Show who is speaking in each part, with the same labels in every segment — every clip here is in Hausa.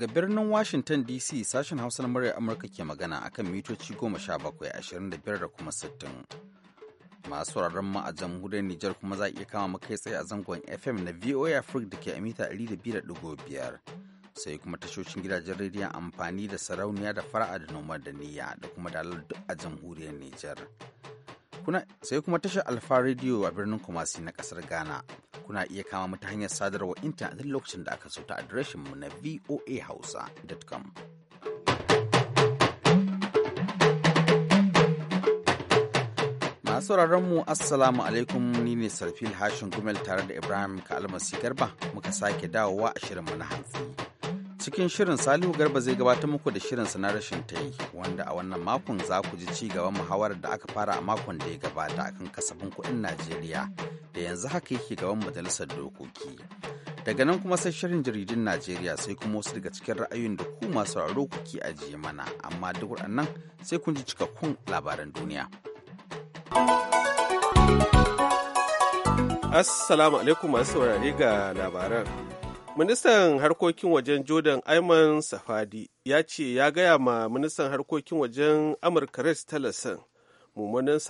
Speaker 1: Daga birnin Washington DC sashen Hausa na murya Amurka ke magana akan mitoci 17,25 da kuma 60. Masu sauraron mu a jamhuriyar Nijar kuma za a iya kama makai tsaye a zangon FM na VOA Africa da ke a mita 200.5. Sai kuma tashocin gidajen rediyon amfani da sarauniya da fara'a da noma da niyya da kuma dalar a jamhuriyar Nijar. Kuna sai kuma tashar Alfa Radio a birnin Kumasi na kasar Ghana. Kuna iya kama mu hanyar sadarwa intanet duk lokacin da aka so ta adireshin mu na voahausa.com. Masu mu Assalamu alaikum ni ne Sarfil Hashin Gumel tare da Ibrahim Kalmasi Garba muka sake dawowa a shirinmu na hantsi. cikin shirin salihu garba zai gabata muku da shirin na rashin ta yi wanda a wannan makon za ku ji ci gaban muhawarar da aka fara a makon da ya gabata akan kasafin kuɗin najeriya da yanzu haka yake gaban majalisar dokoki daga nan kuma sai shirin jaridun najeriya sai kuma wasu daga cikin ra'ayoyin da ku masu sauraro kuke ajiye mana amma duk anan sai kun ji cikakkun labaran duniya
Speaker 2: assalamu alaikum masu saurare ga labaran Ministan harkokin wajen Jordan Ayman Safadi ya ce ya gaya ma ministan harkokin wajen Amurka Rex Tillerson mummunan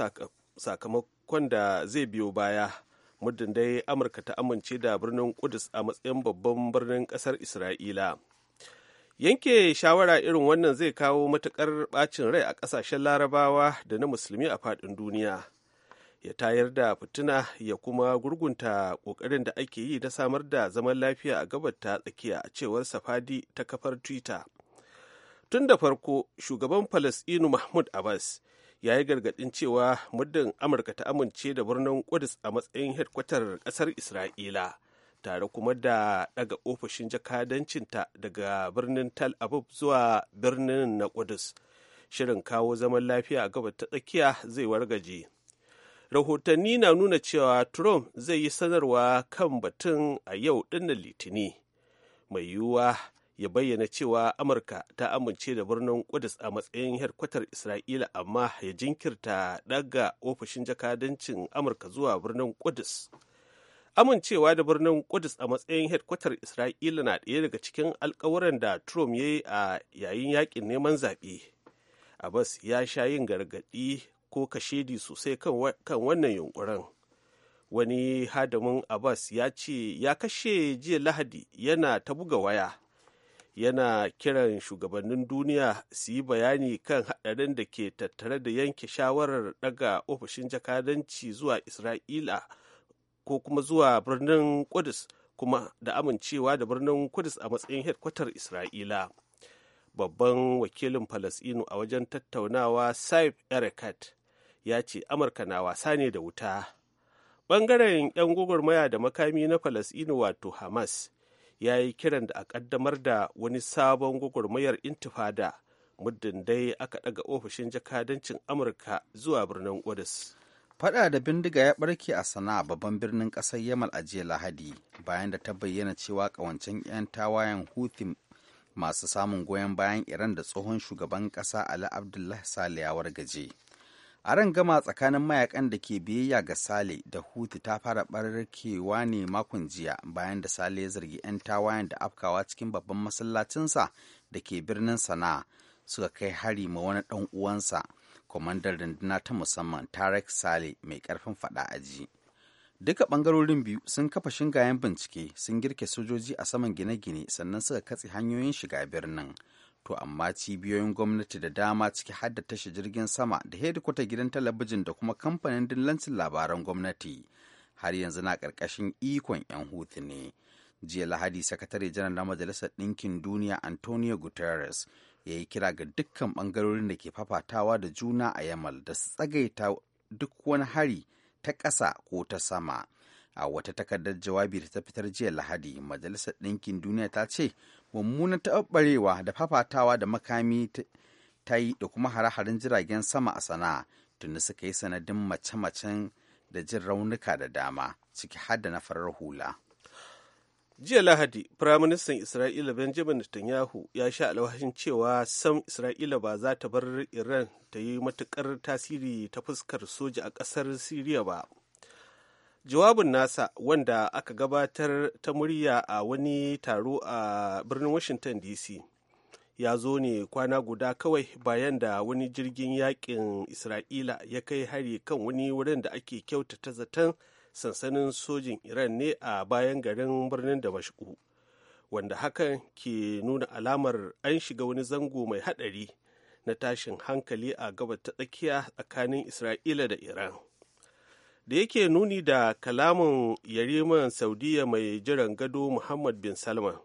Speaker 2: sakamakon da zai biyo baya. Muddin dai Amurka ta amince da birnin Kudus a matsayin babban birnin ƙasar Isra'ila. Yanke shawara irin wannan zai kawo matuƙar ɓacin rai a ƙasashen larabawa da na musulmi a faɗin duniya. ya tayar da fitina ya kuma gurgunta kokarin da ake yi na samar da zaman lafiya a gabar ta tsakiya a cewar safadi ta kafar twitter tun da farko shugaban falasɗinu mahmud abbas ya yi gargaɗin cewa muddin amurka ta amince da birnin kudus a matsayin hedkwatar ƙasar isra'ila tare kuma da daga ofishin jakadancinta daga birnin tal abub zuwa birnin na kudus shirin kawo zaman lafiya a gabar ta tsakiya zai wargaje rahotanni na nuna cewa trump zai yi sanarwa kan batun a yau dinnan litini mai yiwuwa ya bayyana cewa amurka ta amince da birnin kudus a matsayin herkwatar isra'ila amma ya jinkirta daga ofishin jakadancin amurka zuwa birnin kudus amincewa da birnin kudus a matsayin herkwatar isra'ila na ɗaya daga cikin alkawuran da trump ya yi a yayin yakin neman zaɓe abbas ya sha yin gargaɗi ko kashedi sosai kan wannan yunkurin wani hadamin abbas ya ce ya kashe jiya lahadi yana ta buga waya yana kiran shugabannin duniya su yi bayani kan haɗarin da ke tattare da yanke shawarar daga ofishin jakadanci zuwa isra'ila ko kuma zuwa birnin kudus kuma da amincewa da birnin kudus a matsayin hedkwatar isra'ila babban wakilin falasinu a wajen tattaunawa saif erekat ya ce amurka na wasa ne da wuta ɓangaren 'yan gwagwarmaya da makami na falasɗinu wato hamas ya yi kiran da a ƙaddamar da wani sabon gwagwarmayar intifada muddin dai aka ɗaga ofishin jakadancin amurka zuwa birnin Odis. fada
Speaker 1: da bindiga ya barke a sana'a babban birnin ƙasar yamal a jiya lahadi bayan da ta bayyana cewa ƙawancen 'yan tawayen huthi masu samun goyon bayan iran da tsohon shugaban ƙasa ali abdullahi sale ya wargaje a ran gama tsakanin mayakan da ke biyayya ga sale da hutu ta fara barkewa ne makon jiya bayan da sale ya zargi 'yan tawayen da afkawa cikin babban masallacinsa da ke birnin sana'a suka kai hari ma wani dan uwansa kwamandan rundunar ta musamman tarek sale mai karfin fada a ji. duka bangarorin biyu sun kafa shingayen bincike sun girke sojoji a saman gine-gine sannan suka katse hanyoyin shiga birnin to amma cibiyoyin gwamnati da dama ciki hadda da tashar jirgin sama da hedikwata gidan talabijin da kuma kamfanin dillancin labaran gwamnati har yanzu na ƙarƙashin ikon 'yan hutu ne jiya lahadi sakatare janar na majalisar ɗinkin duniya antonio guterres ya yi kira ga dukkan ɓangarorin da ke fafatawa da juna a yamal da su tsagaita duk wani hari ta ƙasa ko ta sama a wata takardar jawabi da ta fitar jiya lahadi majalisar ɗinkin duniya ta ce mummunan taɓarewa da fafatawa da makami ta yi da kuma hare-haren jiragen sama a sana'a tuni suka yi sanadin mace-macen da jin raunuka da dama ciki har da na farar hula.
Speaker 2: jiya lahadi firaministan isra'ila benjamin netanyahu ya sha alwashin cewa sam isra'ila ba za ta bar iran ta yi matukar tasiri ta fuskar soja a ƙasar siriya ba jawabin nasa wanda aka gabatar ta murya a wani taro a birnin washington dc ya zo ne kwana guda kawai bayan da wani jirgin yakin isra'ila ya kai hari kan wani wurin da ake kyautata zaton sansanin sojin iran ne a bayan garin birnin da mashku wanda hakan ke nuna alamar an shiga wani zango mai hadari na tashin hankali a gaba ta tsakiya tsakanin isra'ila da iran da yake nuni da kalamin yariman saudiya mai jiran gado muhammad bin salman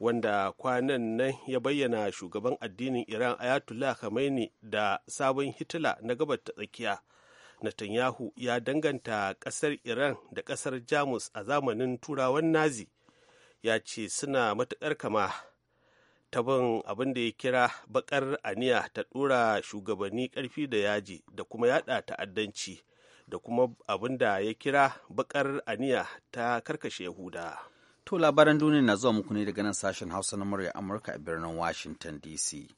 Speaker 2: wanda kwanan nan ya bayyana shugaban addinin iran ayatollah khamenei da sabon hitila na gabar ta tsakiya netanyahu ya danganta kasar iran da kasar jamus a zamanin turawan nazi ya ce suna matuƙar kama tabin abin da ya kira bakar aniya ta ɗora shugabanni ƙarfi da yaji da kuma yada ta'addanci da kuma abin da ya kira bakar aniya ta karkashe yahuda to labaran
Speaker 1: duniya na zuwa muku ne daga nan sashen hausa na murya amurka a birnin washington dc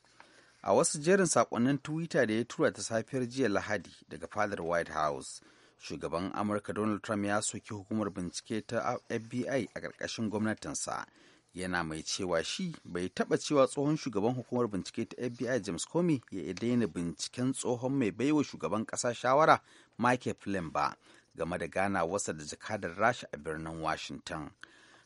Speaker 1: a wasu jerin sakonnin twitter da ya tura ta safiyar jiya lahadi daga fadar white house shugaban amurka donald trump ya soki hukumar bincike ta fbi a ƙarƙashin gwamnatinsa yana mai cewa shi bai taɓa cewa tsohon shugaban hukumar bincike ta fbi james comey ya daina binciken tsohon mai baiwa shugaban ƙasa shawara Mike Flynn ba game da gana wasa da jakadar Rasha a birnin Washington.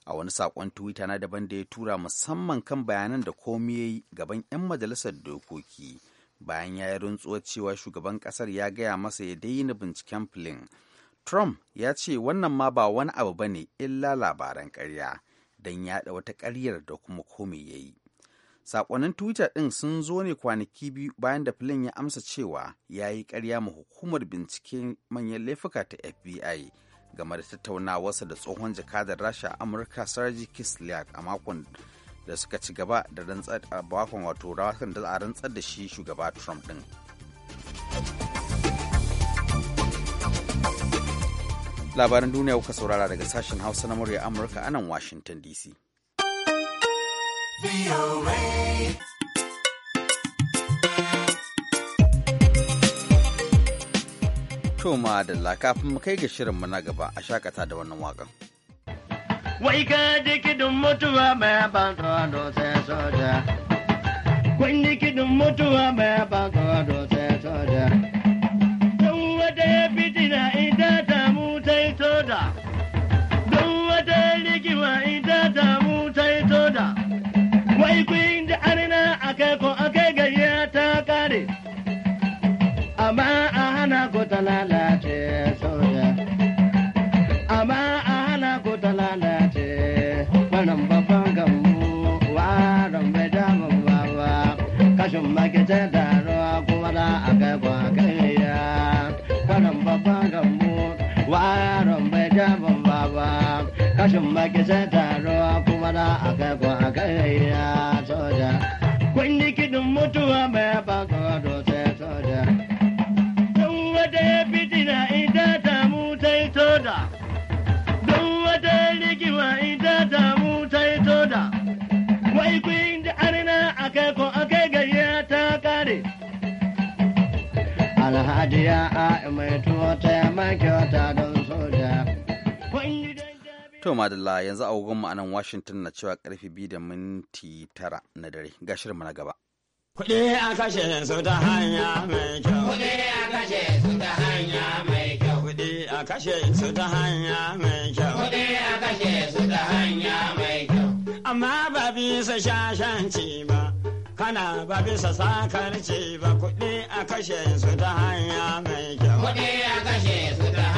Speaker 1: A wani saƙon Twitter na daban da ya tura musamman kan bayanan da komi ya yi gaban 'yan majalisar dokoki bayan ya yi rantsuwar cewa shugaban ƙasar ya gaya masa ya daina binciken Flynn. Trump ya ce wannan ma ba wani abu ba ne illa labaran ƙarya don yaɗa wata ƙaryar da kuma komi ya yi. saƙonnin twitter ɗin sun zo ne kwanaki biyu bayan da flynn ya amsa cewa ya yi karya ma hukumar binciken manyan laifuka ta fbi game da tattaunawarsa da tsohon jakadar rasha amurka sarji kislyak a makon da suka ci gaba da rantsar a bakon wato rawakan da a rantsar da shi shugaba trump ɗin labaran duniya kuka saurara daga sashen hausa na murya amurka anan washington dc To da kafin mu kai ga shirinmu na gaba a shakata da wannan waƙan.
Speaker 3: Wai ka ji kidin mutuwa mai ban tsoro sai soja. ni kidin mutuwa mai ban tsoro sai soja. Don wata ya fitina ita ta mutai soja. Don wata rigima ita ta wai kun ji arna akai ko akai gayya ta kare amma a hana ko ta lalace soja amma a hana ko ta lalace banan babban gamu waron bai damun wawa kashin makita da ruwa kuma da akai ko akai ya banan babban gamu waron bai damun wawa kashin makita da fada a kai ko a kai ya soja. Kun yi kiɗin mutuwa mai baka do sai soja. Don wata ya fitina ita ta mu sai soja. Don wata rigima ita ta mu sai soja. Wai kun ji arna a kai ko a kai gayya ta kare. Alhaji ya a mai tuwa ta ya mai kyauta
Speaker 1: To madalla yanzu agogonmu a nan Washington na cewa karfe biyu da minti tara na dare ga shirinmu na gaba. Kuɗi a kashe su ta hanya mai kyau.
Speaker 4: Kuɗi a kashe su ta hanya
Speaker 5: mai kyau. Kuɗi a kashe su ta hanya mai kyau. Kuɗi a kashe su ta hanya mai kyau. Amma ba bisa shashanci ba. Kana ba bisa sakarci ba. Kuɗi a kashe su ta hanya mai kyau. Kuɗi a kashe su ta hanya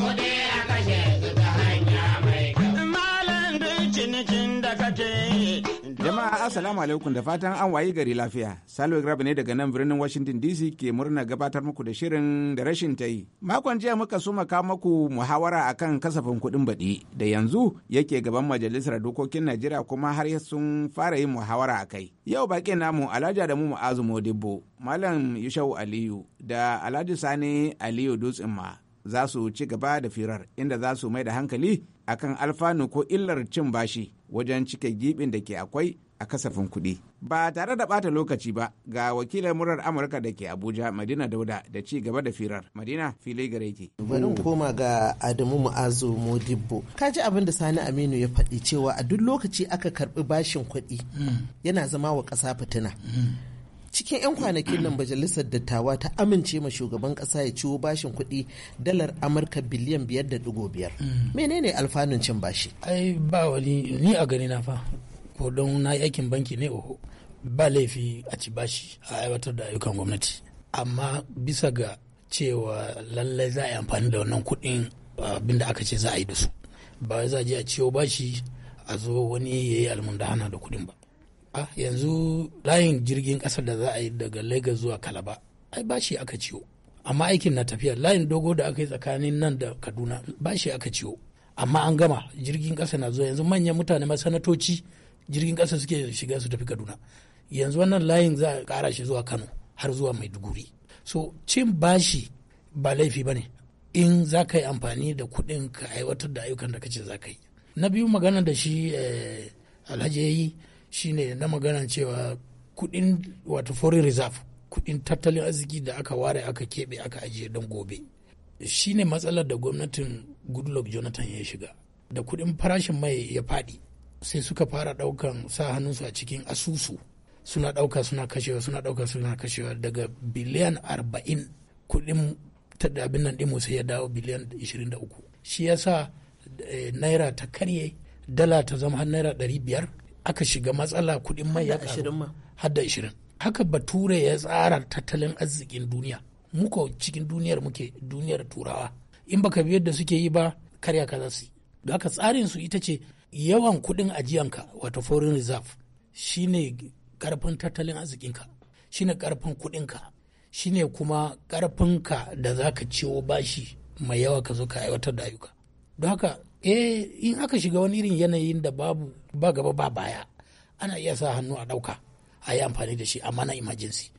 Speaker 6: Jama'a Assalamu alaikum da fatan an wayi gari lafiya. Salo Grab ne daga nan birnin Washington DC ke murna gabatar muku da shirin da rashin ta yi. Makon jiya muka so maka muku muhawara akan kasafin kuɗin baɗi da yanzu yake gaban majalisar dokokin Najeriya kuma har sun fara yin muhawara a kai. Yau baƙin namu Alhaji mu Mu'azu Modibbo, Malam Yushau Aliyu da Alhaji Sani Aliyu Dutsinma za su ci gaba da firar inda za su mai da hankali akan alfanu ko illar cin bashi wajen cike gibin da ke akwai a kasafin kuɗi. Ba tare da ɓata lokaci ba ga wakilin murar Amurka da ke Abuja Madina Dauda da ci gaba da firar. Madina fili gare ki. Bari mu
Speaker 7: koma ga Adamu Mu'azu Modibbo. Ka ji abin da Sani Aminu ya faɗi cewa a duk lokaci aka karɓi bashin kuɗi yana zama wa ƙasa fitina. cikin 'yan kwanakin nan majalisar dattawa ta amince ma shugaban ƙasa ya ciwo bashin kuɗi dalar amurka biliyan biyar da digo biyar menene alfanun cin bashi ai ba wani ni a gani na fa ko don na aikin banki ne
Speaker 4: oho ba laifi a ci bashi a aiwatar da ayyukan gwamnati amma bisa ga cewa lallai za a yi amfani da wannan kuɗin abin da aka ce za a yi da su ba za a je a ciyo bashi a zo wani ya yi hana da kuɗin ba a yanzu layin jirgin ƙasar da za a yi daga lagos zuwa kalaba ai bashi aka ciyo amma aikin na tafiya layin dogo da aka yi tsakanin nan da kaduna bashi aka ciyo amma an gama jirgin ƙasa na zuwa yanzu manyan mutane masanatoci jirgin ƙasa suke shiga su tafi kaduna yanzu wannan layin za a ƙara shi zuwa kano har zuwa maiduguri so cin bashi ba laifi ba ne in za ka yi amfani da kuɗin ka aiwatar da ayyukan da ka ce za ka yi na biyu magana da shi eh, alhaji ya yi shine na magana cewa kuɗin wato foreign reserve kuɗin tattalin arziki da aka ware aka keɓe aka ajiye don gobe shine matsalar da gwamnatin goodluck jonathan ya shiga da kuɗin farashin mai ya faɗi sai suka fara ɗaukan sa hannunsu a cikin asusu suna ɗauka suna kashewa suna ɗauka suna kashewa daga biliyan arba'in kuɗin abin nan dimo sai ya dawo biliyan ishirin shi yasa eh, naira ta karye dala ta zama har naira ɗari biyar aka shiga matsala kuɗin mai ya karu har da ishirin haka bature ya tsara tattalin arzikin duniya muka cikin duniyar muke duniyar turawa in baka bi yadda suke yi ba karya ka za su yi da haka tsarin su ita ce yawan kuɗin ajiyanka wato foreign reserve shine karfin tattalin arzikinka shine karfin kuɗinka shine kuma karfinka da za ka ciwo bashi mai yawa ka zo ka aiwatar da ayyuka don haka eh in aka shiga wani irin yanayin da babu ba gaba ba baya ana iya sa hannu a ɗauka a yi amfani da shi amma na emergency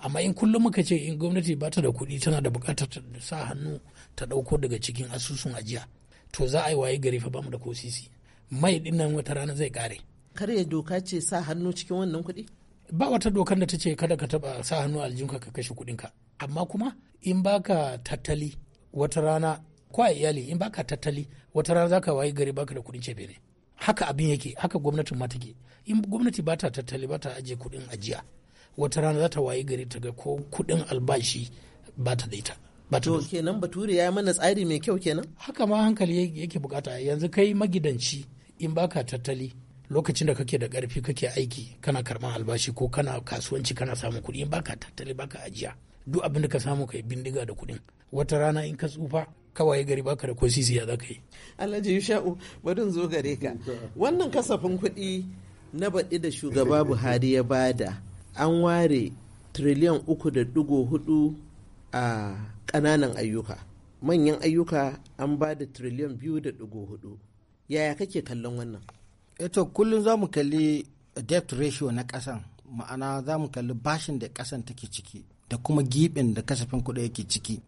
Speaker 4: amma in kullum muka ce in gwamnati ba ta da kuɗi tana da buƙatar ta sa hannu ta ɗauko daga cikin asusun ajiya to za a yi waye gari fa ba mu da ko sisi mai din nan wata rana zai kare kare doka ce sa hannu cikin wannan kuɗi ba wata dokar da ta ce kada ka taba sa hannu aljinka ka kashe kuɗinka amma kuma in baka tattali wata rana ko a iyali in baka tattali wata rana zaka waye gari baka da kuɗin cebe ne haka abin yake haka gwamnatin ma take in gwamnati ba ta tattali ba ta ajiye kuɗin ajiya wata rana za ta waye gari ta ga ko kuɗin albashi ba ta da ita to kenan bature ya mana tsari mai kyau kenan haka ma hankali yake bukata yanzu kai magidanci in baka tattali lokacin da kake da karfi kake aiki kana karban albashi ko kana kasuwanci kana samun kuɗi in baka tattali baka ajiya duk abin da ka samu kai bindiga da kuɗin wata rana in ka tsufa kawai gari baka da ko ya zaka yi alhaji yusha'u
Speaker 7: bari zo gare ka wannan kasafin kuɗi na baɗi da shugaba buhari ya bada an ware triliyan uku da ɗigo hudu a ƙananan ayyuka manyan ayyuka an ba da triliyan biyu da ɗigo hudu yaya kake kallon wannan eto eh kullum za mu kalli debt ratio na ƙasan ma'ana za mu kalli bashin da ƙasan take ciki da kuma giɓin da kasafin kuɗi yake ciki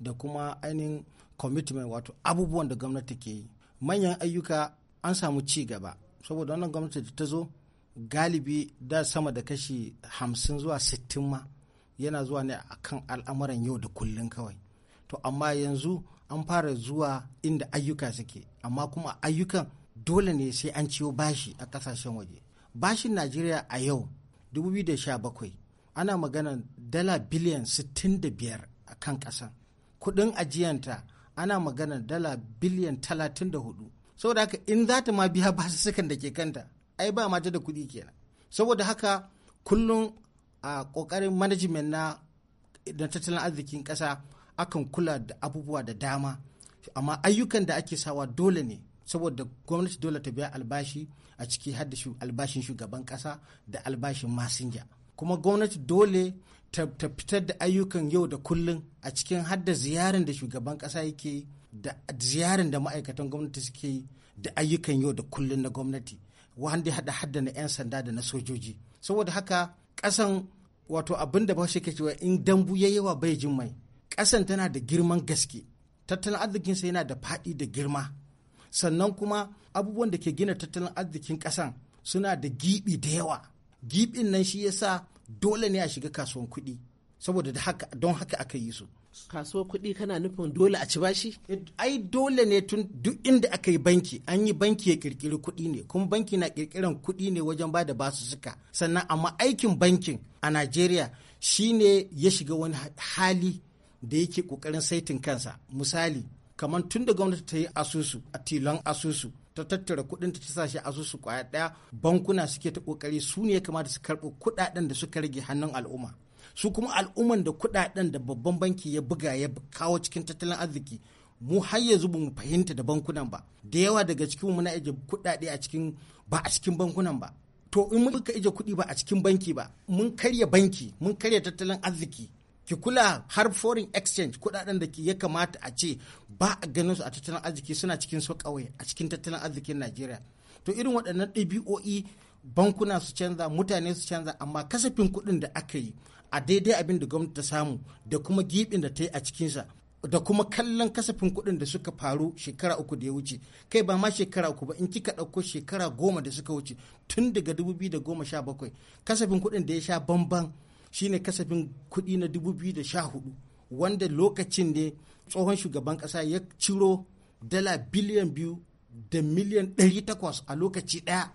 Speaker 7: da kuma ainihin commitment wato abubuwan da gwamnati ke yi manyan ayyuka an samu ci gaba saboda wannan gwamnati da ta zo galibi da sama da kashi hamsin zuwa sittin ma yana zuwa ne a kan al'amuran yau da kullun kawai to amma yanzu an fara zuwa inda ayyuka suke amma kuma ayyukan dole ne sai an ciwo bashi a kasashen waje bashin najeriya a yau 2017 ana magana dala biliyan 65 a kan ƙasan kudin ajiyanta ana magana dala biliyan 34 saboda haka in za ta ma biya basussukan da ke kanta ai ba mata da kuɗi kenan saboda haka kullum a kokarin management na da tattalin arzikin kasa akan kula da abubuwa da dama amma ayyukan da ake sawa dole ne saboda gwamnati dole ta biya albashi a ciki har albashin shugaban kasa da albashin masinja kuma gwamnati dole ta fitar da ayyukan yau da kullun a cikin har da ziyarar da shugaban kasa yake da ziyarar da ma'aikatan gwamnati suke da ayyukan yau da kullun na gwamnati wanda hada hada na 'yan sanda da na sojoji saboda haka kasan wato abin da ba shi ke cewa in dambu ya yawa bai jin mai ƙasan tana da girman gaske tattalin arzikin sa yana da faɗi da girma sannan kuma abubuwan da ke gina tattalin arzikin ƙasan suna da giɓi da yawa giɓin nan shi yasa dole ne a shiga kasuwan kuɗi saboda don haka aka yi su kasuwar kuɗi kana nufin dole a ci bashi? ai dole ne tun duk inda aka yi banki an yi banki ya kirkiri kuɗi ne kuma banki na kirkiran kuɗi ne wajen ba da basu suka sannan amma aikin bankin a najeriya shine ya shiga wani hali da yake ƙoƙarin saitin kansa misali kamar tun da gwamnati ta yi asusu a tilon asusu ta tattara kuɗin ta sa asusu kwaya ɗaya bankuna suke ta ƙoƙari su ne ya kamata su karɓi kuɗaɗen da suka rage hannun al'umma su kuma al'umman da kudaden da babban banki ya buga ya kawo cikin tattalin arziki mu har yanzu ba mu fahimta da bankunan ba da yawa daga cikin mu na ije kudade a cikin ba a cikin bankunan ba to in muka ije kudi ba a cikin banki ba mun karya banki mun karya tattalin arziki ki kula har foreign exchange kudaden da ke ya kamata a ce ba a ganin su a tattalin arziki suna cikin su kawai a cikin tattalin arzikin Najeriya to irin waɗannan ɗabi'o'i bankuna su canza mutane su canza amma kasafin kuɗin da aka yi a daidai abin da gwamnati ta samu da kuma gibin da ta yi a cikinsa da kuma kallon kasafin kuɗin da suka faru shekara uku da ya wuce kai ba ma shekara uku ba in kika ɗauko shekara goma da suka wuce tun daga bakwai kasafin kuɗin da ya sha bamban shine kasafin kuɗi na sha hudu wanda lokacin ne tsohon shugaban ƙasa ya ciro dala biliyan biyu da miliyan ɗari takwas a lokaci ɗaya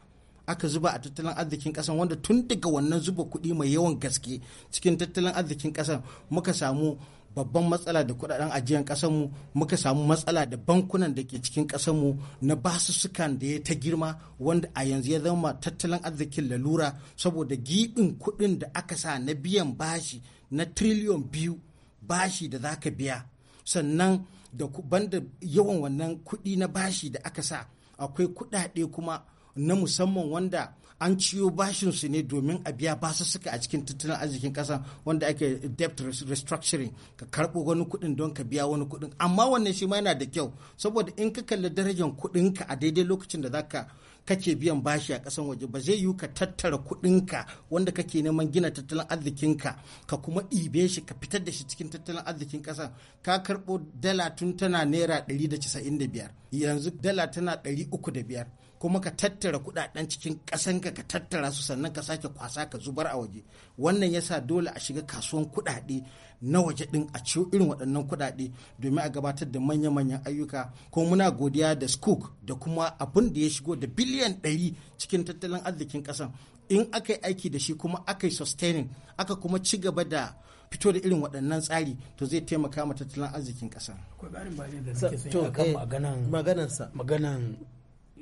Speaker 7: aka zuba a tattalin arzikin kasan wanda tun daga wannan zuba kuɗi mai yawan gaske cikin tattalin arzikin kasan muka samu babban matsala da kudaden ajiyan kasanmu muka samu matsala da bankunan da ke cikin mu na basussukan da ya ta girma wanda a yanzu ya zama tattalin arzikin lalura saboda giɓin kuɗin da aka sa na biyan bashi na tiriliyon biyu bashi da za ka biya sannan da banda yawan wannan kuɗi na bashi da aka sa akwai kuɗaɗe kuma na musamman wanda an ciyo su ne domin a biya suka a cikin tattalin arzikin kasa wanda ake debt restructuring ka karɓo wani kuɗin don ka biya wani kuɗin amma wannan shi ma yana da kyau saboda in ka kalli darajar kuɗinka a daidai lokacin da zaka kake biyan bashi a kasan waje ba zai yiwu ka tattara kuɗinka wanda kake neman gina tattalin arzikinka ka kuma ɗibe shi ka fitar da shi cikin tattalin arzikin kasa ka karɓo dala tun tana naira biyar yanzu dala tana ɗari uku da biyar. kuma ka tattara kudaden cikin kasanka ka tattara su sannan ka sake kwasa ka zubar a waje wannan yasa dole a shiga kasuwan kudade na waje din a ciwo irin waɗannan kudade domin a gabatar da manya-manyan ayyuka ko muna godiya da skook da kuma abin da ya shigo da biliyan ɗari cikin tattalin arzikin ƙasan in aka yi aiki da shi kuma aka yi sustaining aka kuma ci gaba da fito da irin waɗannan tsari to zai taimaka ma tattalin arzikin ƙasa.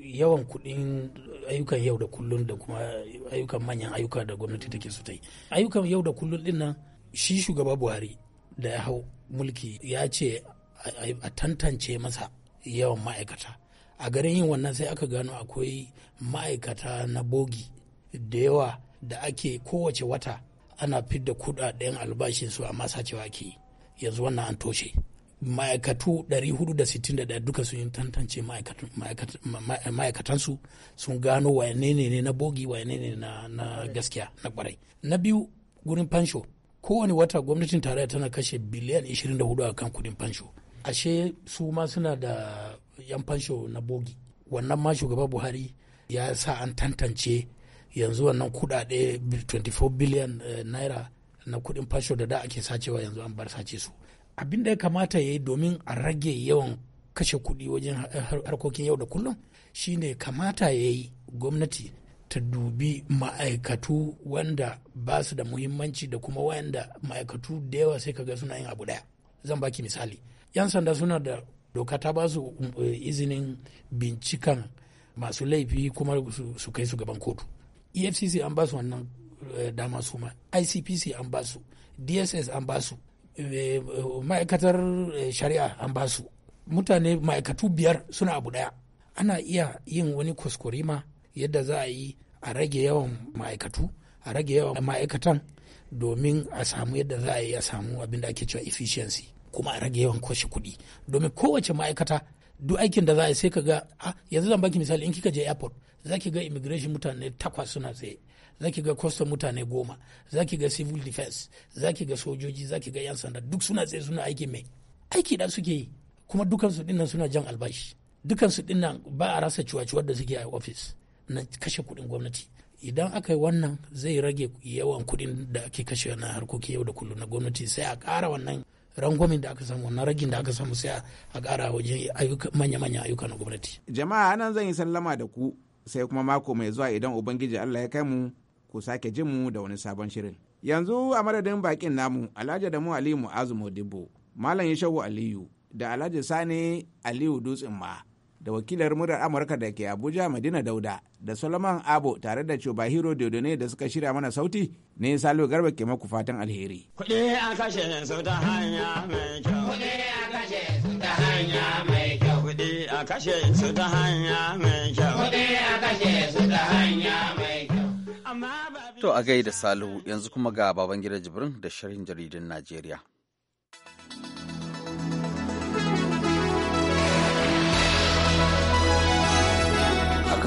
Speaker 4: yawan kuɗin ayyukan yau da kullun da kuma ayyukan manyan ayyuka da gwamnati take su ta yi ayyukan yau da kullun din nan shi shugaba buhari da ya hau mulki ya ce a tantance masa yawan ma'aikata a garin yin wannan sai aka gano akwai ma'aikata na bogi da yawa da ake kowace wata ana fidda kudaden albashinsu amma sacewa ke yanzu wannan an toshe ma'aikatu 461 duka sun yi tantance ma'aikatansu sun gano wane ne na bogi wane ne na gaskiya na kwarai na biyu gurin fansho kowane wata gwamnatin tarayya tana kashe biliyan 24 a kan kudin fansho ashe su ma suna da yan fansho na bogi wannan ma shugaba buhari ya sa an tantance yanzu wannan kudade 24 biliyan naira na kudin fansho da da ake sacewa yanzu an bar sace su abin da ya kamata ya yi domin a rage yawan kashe kuɗi wajen harkokin yau da kullum shine kamata ya yi gwamnati ta dubi ma'aikatu wanda ba su da muhimmanci da kuma wayanda ma'aikatu da yawa sai ga suna yin abu daya zan baki misali yan sanda suna da doka ta ba su eh, izinin bincikan masu laifi kuma su kai su gaban kotu efcc an ba su wannan eh, dama su ma icpc an ba su dss an ba su ma'aikatar eh, shari'a an ba su mutane ma'aikatu biyar suna abu daya ana iya yin wani kuskurima yadda za a yi a rage yawan ma'aikatu a rage yawan ma'aikatan domin a samu yadda za a yi a samu abin da ake cewa efficiency kuma a rage yawan kashe kuɗi domin kowace ma'aikata duk aikin da za a yi sai ka ga ah, yanzu zan baki misali in kika je airport za ki ga immigration mutane takwas suna tsaye zaki ga kwastam mutane goma zaki ga civil defense zaki ga sojoji zaki ga yan sanda duk suna tsaye suna aiki mai aiki da suke yi kuma dukansu dinnan suna jan albashi dukansu dinnan ba a rasa ciwaciwar da suke a ofis na kashe kudin gwamnati idan aka yi wannan zai rage yawan kudin da ake kashe na harkoki yau da kullum na gwamnati sai a kara wannan rangwamin da aka samu wannan ragin da aka samu sai a ƙara wajen manya-manya ayyuka na gwamnati.
Speaker 6: jama'a nan zan yi sallama da ku sai kuma mako mai zuwa idan ubangiji allah ya kai mu ku sake jin mu da wani sabon shirin. Yanzu a madadin bakin namu Alhaji Adamu Aliyu Mu'azu Modibo, Malam Yashawu Aliyu da Alhaji Sani Aliyu Dutsen ma da wakilar murar Amurka da ke Abuja Madina Dauda da Solomon Abo tare da Chubahiro Dodone da suka shirya mana sauti ne Salo Garba ke maku fatan alheri.
Speaker 5: Kuɗi a kashe su ta hanya mai kyau. Kuɗi a kashe su ta hanya mai kyau. Kuɗi a kashe su ta hanya mai kyau. Kuɗi a kashe su ta hanya mai kyau.
Speaker 1: To a gaida Salihu yanzu kuma ga Babangida Jibrin da sharhin jaridun Najeriya.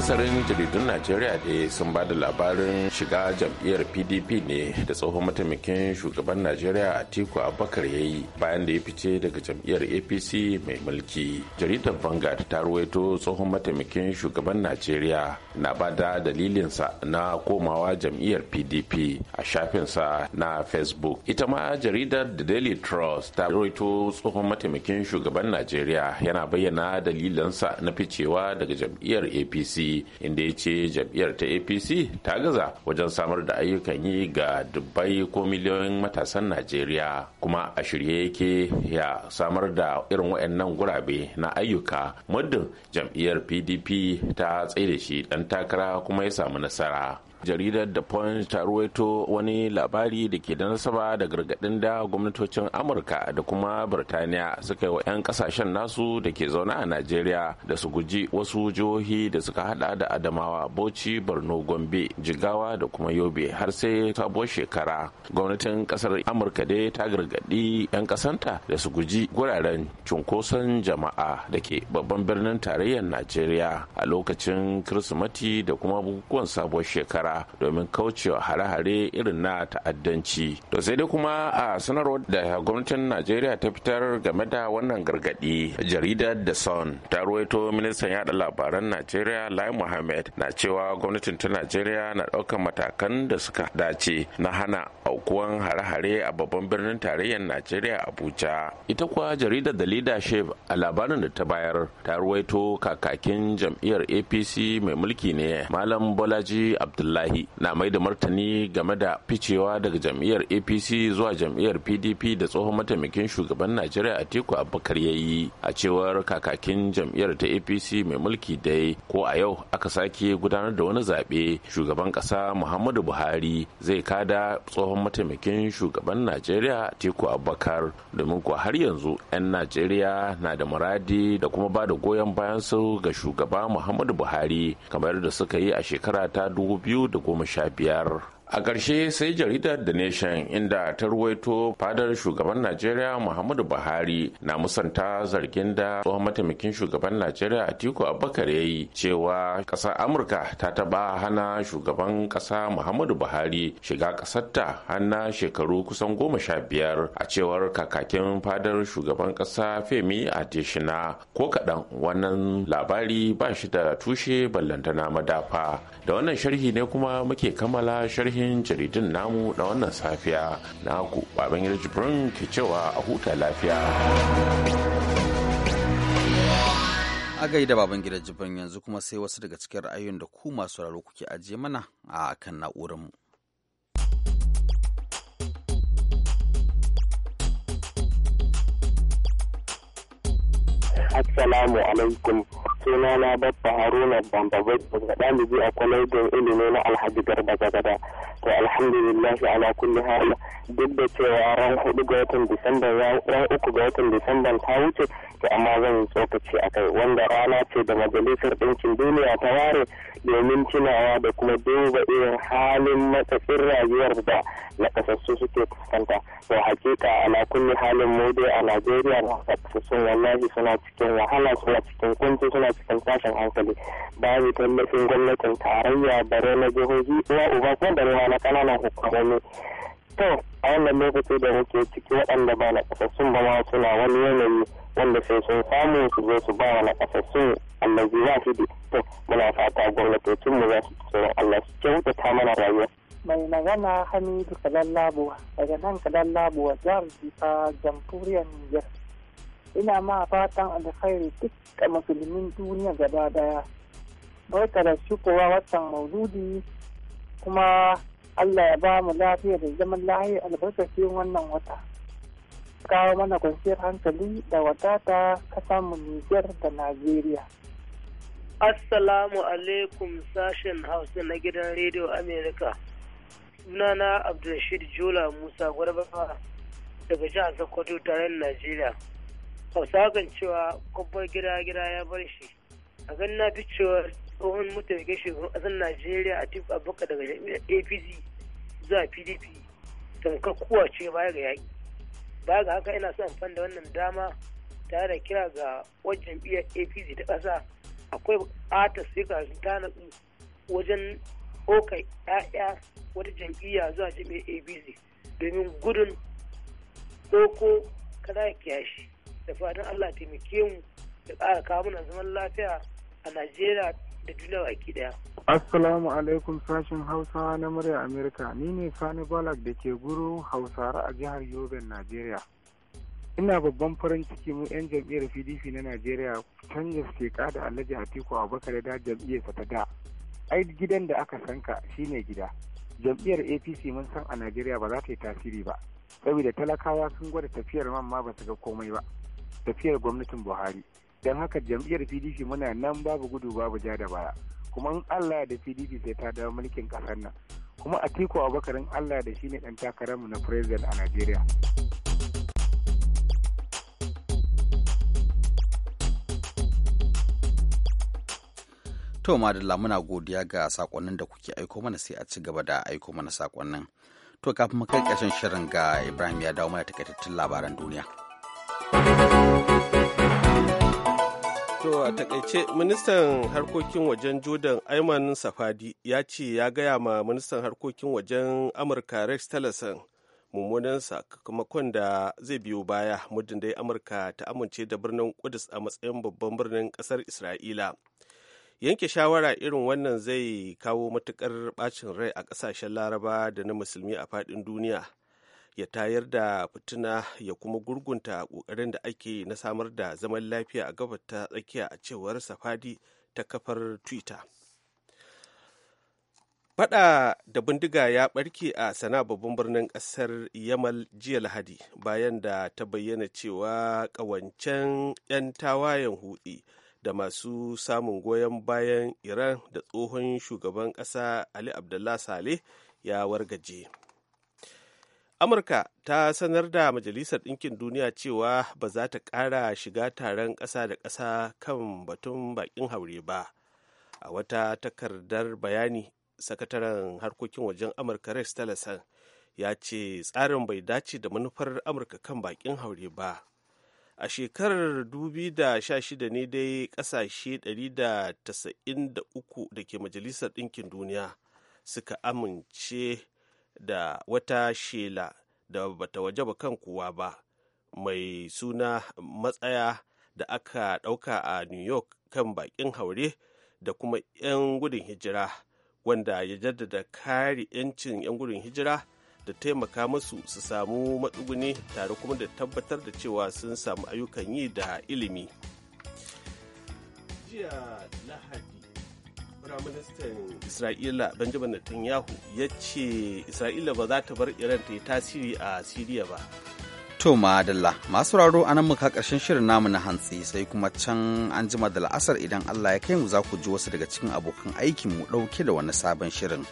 Speaker 8: Masarin jaridun najeriya da sun ba da labarin shiga jam'iyyar pdp ne da tsohon mataimakin shugaban najeriya a atiku abubakar ya yi bayan da ya fice daga jam'iyyar apc mai mulki jaridar Vangard ta ruwaito tsohon mataimakin shugaban najeriya na ba da dalilinsa na komawa jam'iyyar pdp a shafinsa na facebook ita ma jaridar the daily trust ta ruwaito tsohon mataimakin shugaban najeriya yana bayyana dalilinsa na ficewa daga jam'iyyar apc inda ya ce jam'iyyar ta apc ta gaza wajen samar da ayyukan yi ga dubbai ko miliyoyin matasan najeriya kuma a shirye yake ya samar da irin waɗannan gurabe na ayyuka muddin jam'iyyar pdp ta tsaye da shi ɗan takara kuma ya samu nasara jaridar da point ta ruwaito wani labari da ke da nasaba da gargadin da gwamnatocin amurka da kuma birtaniya suka yi wa 'yan kasashen nasu da ke zaune a najeriya da su guji wasu jihohi da suka hada da adamawa bauchi borno gombe jigawa da kuma yobe har sai sabuwar shekara gwamnatin kasar amurka dai ta gargadi 'yan kasanta da su guji guraren cunkoson jama'a da ke babban birnin tarayyar najeriya a lokacin kirsimati da kuma bukukuwan sabuwar shekara shekara domin kaucewa hare-hare irin na ta'addanci to sai dai kuma a sanarwar da gwamnatin najeriya ta fitar game da wannan gargaɗi jaridar the sun ta ruwaito ministan yada labaran najeriya lai Mohammed, na cewa gwamnatin ta najeriya na ɗaukar matakan da suka dace na hana aukuwan hare-hare a babban birnin tarayyar najeriya abuja ita kuwa jaridar da leadership a labarin da ta bayar ta ruwaito kakakin jam'iyyar apc mai mulki ne malam bolaji abdullahi na mai da martani game da ficewa daga jam'iyyar apc zuwa jam'iyyar pdp da tsohon mataimakin shugaban najeriya atiku abubakar ya yi a cewar kakakin jam'iyyar ta apc mai mulki dai ko a yau aka sake gudanar da wani zaɓe shugaban ƙasa muhammadu buhari zai kada tsohon mataimakin shugaban najeriya tiku abubakar domin kuwa har yanzu 'yan najeriya na da muradi da kuma ba da goyon bayan su ga shugaba muhammadu buhari kamar da suka yi a shekara ta 2015 a ƙarshe sai jaridar the nation inda ta ruwaito fadar shugaban najeriya muhammadu buhari na musanta zargin da tsohon mataimakin shugaban najeriya atiku abubakar ya yi cewa ƙasar amurka ta taɓa hana shugaban ƙasa muhammadu buhari shiga ƙasarta hana shekaru kusan goma sha biyar a cewar kakakin fadar shugaban ƙasa femi adeshina ko kaɗan wannan labari ba shi da tushe ballantana madafa da wannan sharhi ne kuma muke kammala sharhi sharhin jaridun namu na wannan safiya na ku baban jibrin ke cewa a huta lafiya a gaida baban gida jibrin yanzu kuma
Speaker 1: sai wasu daga cikin ra'ayoyin da ku masu raro kuke ajiye mana a kan na'urar mu
Speaker 9: Assalamu alaikum suna na babba haruna bambabai daga ɗalibi a kwalejin ilimi na alhaji garba gagada to alhamdulillah ala kulli hal duk da cewa ran hudu ga watan disamba ran uku ga watan disamba ta wuce to amma zan yi tsokaci a kai wanda rana ce da majalisar ɗinkin duniya ta ware domin tunawa da kuma duba irin halin matsatsin rayuwar da nakasassu suke fuskanta to hakika ala kulli halin mu dai a najeriya na nakasassun wallahi suna cikin wahala suna cikin kunci suna cikin tashin hankali bayan tallafin gwamnatin tarayya bare na jihohi uwa uba ko da ruwa na kananan hukumomi to a wannan lokaci da muke ciki waɗanda ba na kasassun ba ma suna wani yanayi wanda sai sun samu su zo su ba wa na kasassun allazi za su to muna fata mu za su tsoron allah su kyautata mana rayuwa mai magana hamidu kalan labuwa daga nan kalan labuwa jihar jifa jamhuriyar niger ina ma fatan alkhairi duk musulmin duniya gaba daya barka da shukowa watan mauludi kuma allah ya ba mu lafiya da zaman lahiyar albarkacin wannan wata kawo mana kwanciyar hankali da wata ta kasa mu nijar da najeriya
Speaker 4: assalamu alaikum sashen hausa na gidan rediyo america sunana abdulrashid jola musa gwarba daga jihar sokoto tare da najeriya hausakan cewa kwabbar gida gida ya bar shi a gan na fi cewa tsohon mataimakin shugaban ƙasar najeriya a a abuka daga jami'ar apc zuwa pdp
Speaker 7: tamkar kuwa
Speaker 4: ce baya ga yaƙi baya ga haka ina son amfani da wannan dama tare da kira ga wajen jam'iyyar apc ta ƙasa akwai buƙatar sai ka ta natsu wajen ɗauka ‘ya'ya wata jam'iyya zuwa jam'iyyar apc domin gudun ɗauko kada ya kiyashi da fatan allah taimake mu da ƙara kawo mana zaman lafiya a najeriya
Speaker 9: da duniya baki daya. assalamu alaikum sashen hausa na murya amerika ni ne sani balak da ke guru hausare a jihar yobe najeriya ina babban
Speaker 6: farin ciki mu 'yan jam'iyyar pdp na najeriya canza sheka da alhaji atiku abubakar da jam'iyyarsa ta da ai gidan da aka sanka shine gida jam'iyyar apc mun san a najeriya ba za ta yi tasiri ba saboda talakawa sun gwada tafiyar man ma ba su ga komai ba tafiyar gwamnatin buhari don haka jam'iyyar pdp muna nan babu gudu babu ja da baya kuma in allah da pdp sai ta dawo mulkin kasar nan kuma a atiku abubakarin allah da shine dan takararmu na president a najeriya
Speaker 1: To Madalla muna godiya ga sakonnin da kuke aiko mana sai a ci gaba da aiko mana sakonnin. To kafin mu kai ƙarshen shirin ga Ibrahim ya dawo mana takaitattun labaran duniya.
Speaker 2: To a takaice ministan harkokin wajen Jordan Ayman Safadi ya ce ya gaya ma ministan harkokin wajen Amurka Rex Tillerson mummunan sakamakon da zai biyo baya muddin dai Amurka ta amince da birnin Kudus a matsayin babban birnin kasar Isra'ila. Yanke shawara irin wannan zai kawo matukar bacin rai a kasashen Laraba da na musulmi a faɗin duniya. ya tayar da fituna ya kuma gurgunta ƙoƙarin da ake na samar da zaman lafiya a gabar ta tsakiya a cewar safadi ta kafar twitter Fada da bindiga ya barke a sana babban birnin ƙasar Yamal jiya Lahadi bayan da ta bayyana cewa ƙawancen 'yan tawayen hutsi da masu samun goyon bayan Iran da tsohon shugaban ƙasa Ali Abdullah Saleh ya wargaje. amurka ta sanar da majalisar ɗinkin duniya cewa ba za ta ƙara shiga taron ƙasa da ƙasa kan batun baƙin haure ba a wata takardar bayani sakataren harkokin wajen amurka rex tillerson ya ce tsarin bai dace da manufar amurka kan baƙin haure ba a shekarar 2016 ne dai ƙasashe 193 da ke majalisar ɗinkin duniya suka amince da wata shela da bata wajaba kan kuwa ba mai suna matsaya da aka ɗauka a new york kan bakin haure da kuma 'yan gudun hijira wanda ya jaddada kare 'yancin 'yan gudun hijira da taimaka musu su samu matsuguni tare kuma da tabbatar da cewa sun samu ayyukan yi da ilimi. jiya lahadi Isra'ila Benjamin Netanyahu ya ce Isra'ila ba za ta bar Iran ta yi tasiri a Siriya ba.
Speaker 1: To madalla masu raro anan muka karshen shirin namu na hantsi sai kuma can an jima da la'asar idan Allah ya kai mu za ku ji wasu daga cikin abokan aikin mu ɗauke da wani sabon shirin.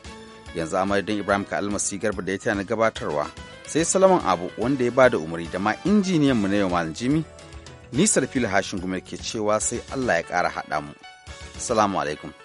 Speaker 1: Yanzu idan Ibrahim ka almasi garba da ya na gabatarwa sai Salaman Abu wanda ya bada umarni da ma injiniyan mu na yau Malam Jimi. Nisar fili hashin gumar ke cewa sai Allah ya kara haɗa mu. Salamu alaikum.